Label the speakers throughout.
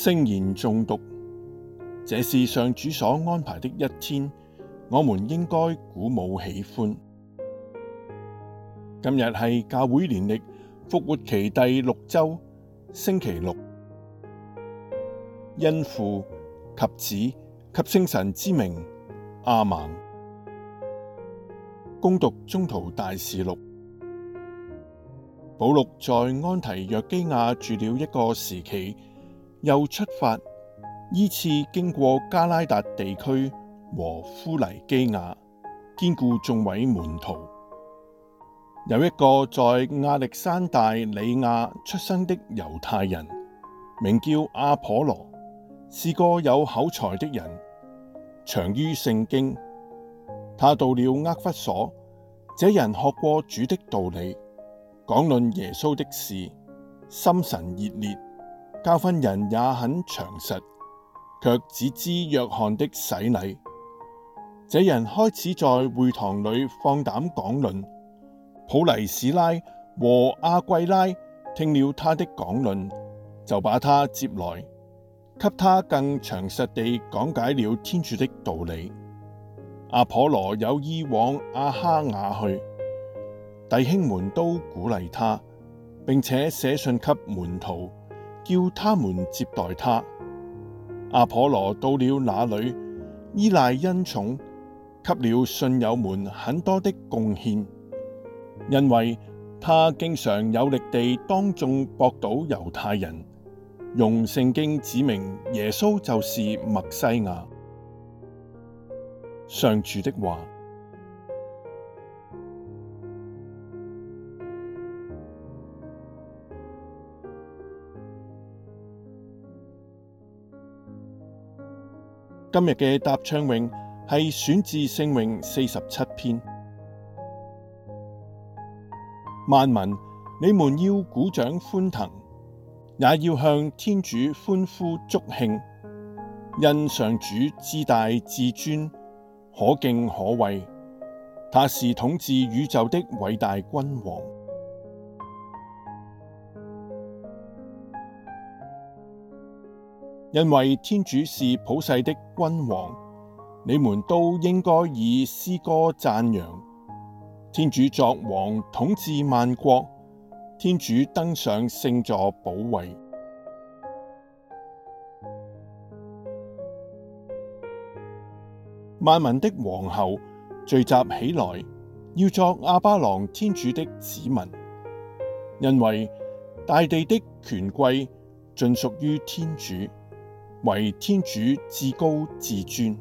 Speaker 1: 聖言誦讀，這是上主所安排的一天，我們應該鼓舞喜歡。今日係教會年曆復活期第六周星期六，因父及子及聖神之名阿蒙。恭讀宗徒大事錄，保祿在安提約基雅住了一個時期。又出發，依次經過加拉達地區和夫黎基雅，堅固眾位門徒。有一個在亞歷山大里亞出生的猶太人，名叫阿頗羅，是一個有口才的人，長於聖經。他到了厄弗所，這人學過主的道理，講論耶穌的事，心神熱烈。教訓人也很詳實，卻只知若翰的洗禮。這人開始在會堂裏放膽講論。普黎史拉和阿桂拉聽了他的講論，就把他接來，給他更詳實地講解了天主的道理。阿頗羅有意往阿哈雅去，弟兄們都鼓勵他，並且寫信給門徒。叫他們接待他。阿頗羅到了那裏，依賴恩寵，給了信友們很多的貢獻，因為他經常有力地當眾駁倒猶太人，用聖經指明耶穌就是默西亞。上主的話。今日嘅答唱詠係選自聖詠四十七篇。萬民，你們要鼓掌歡騰，也要向天主歡呼祝慶，因上主至大至尊，可敬可畏，他是統治宇宙的偉大君王。因為天主是普世的君王，你們都應該以詩歌讚揚。天主作王統治萬國。天主登上聖座寶位，保衛萬民的王侯聚集起來，要作亞巴郎天主的子民，因為大地的權貴盡屬於天主。唯天主至高至尊。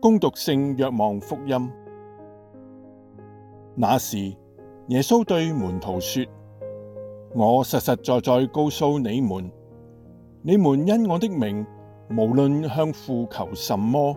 Speaker 1: 恭讀聖若望福音，那時耶穌對門徒說：我實實在在告訴你們，你們因我的名，無論向父求什麼。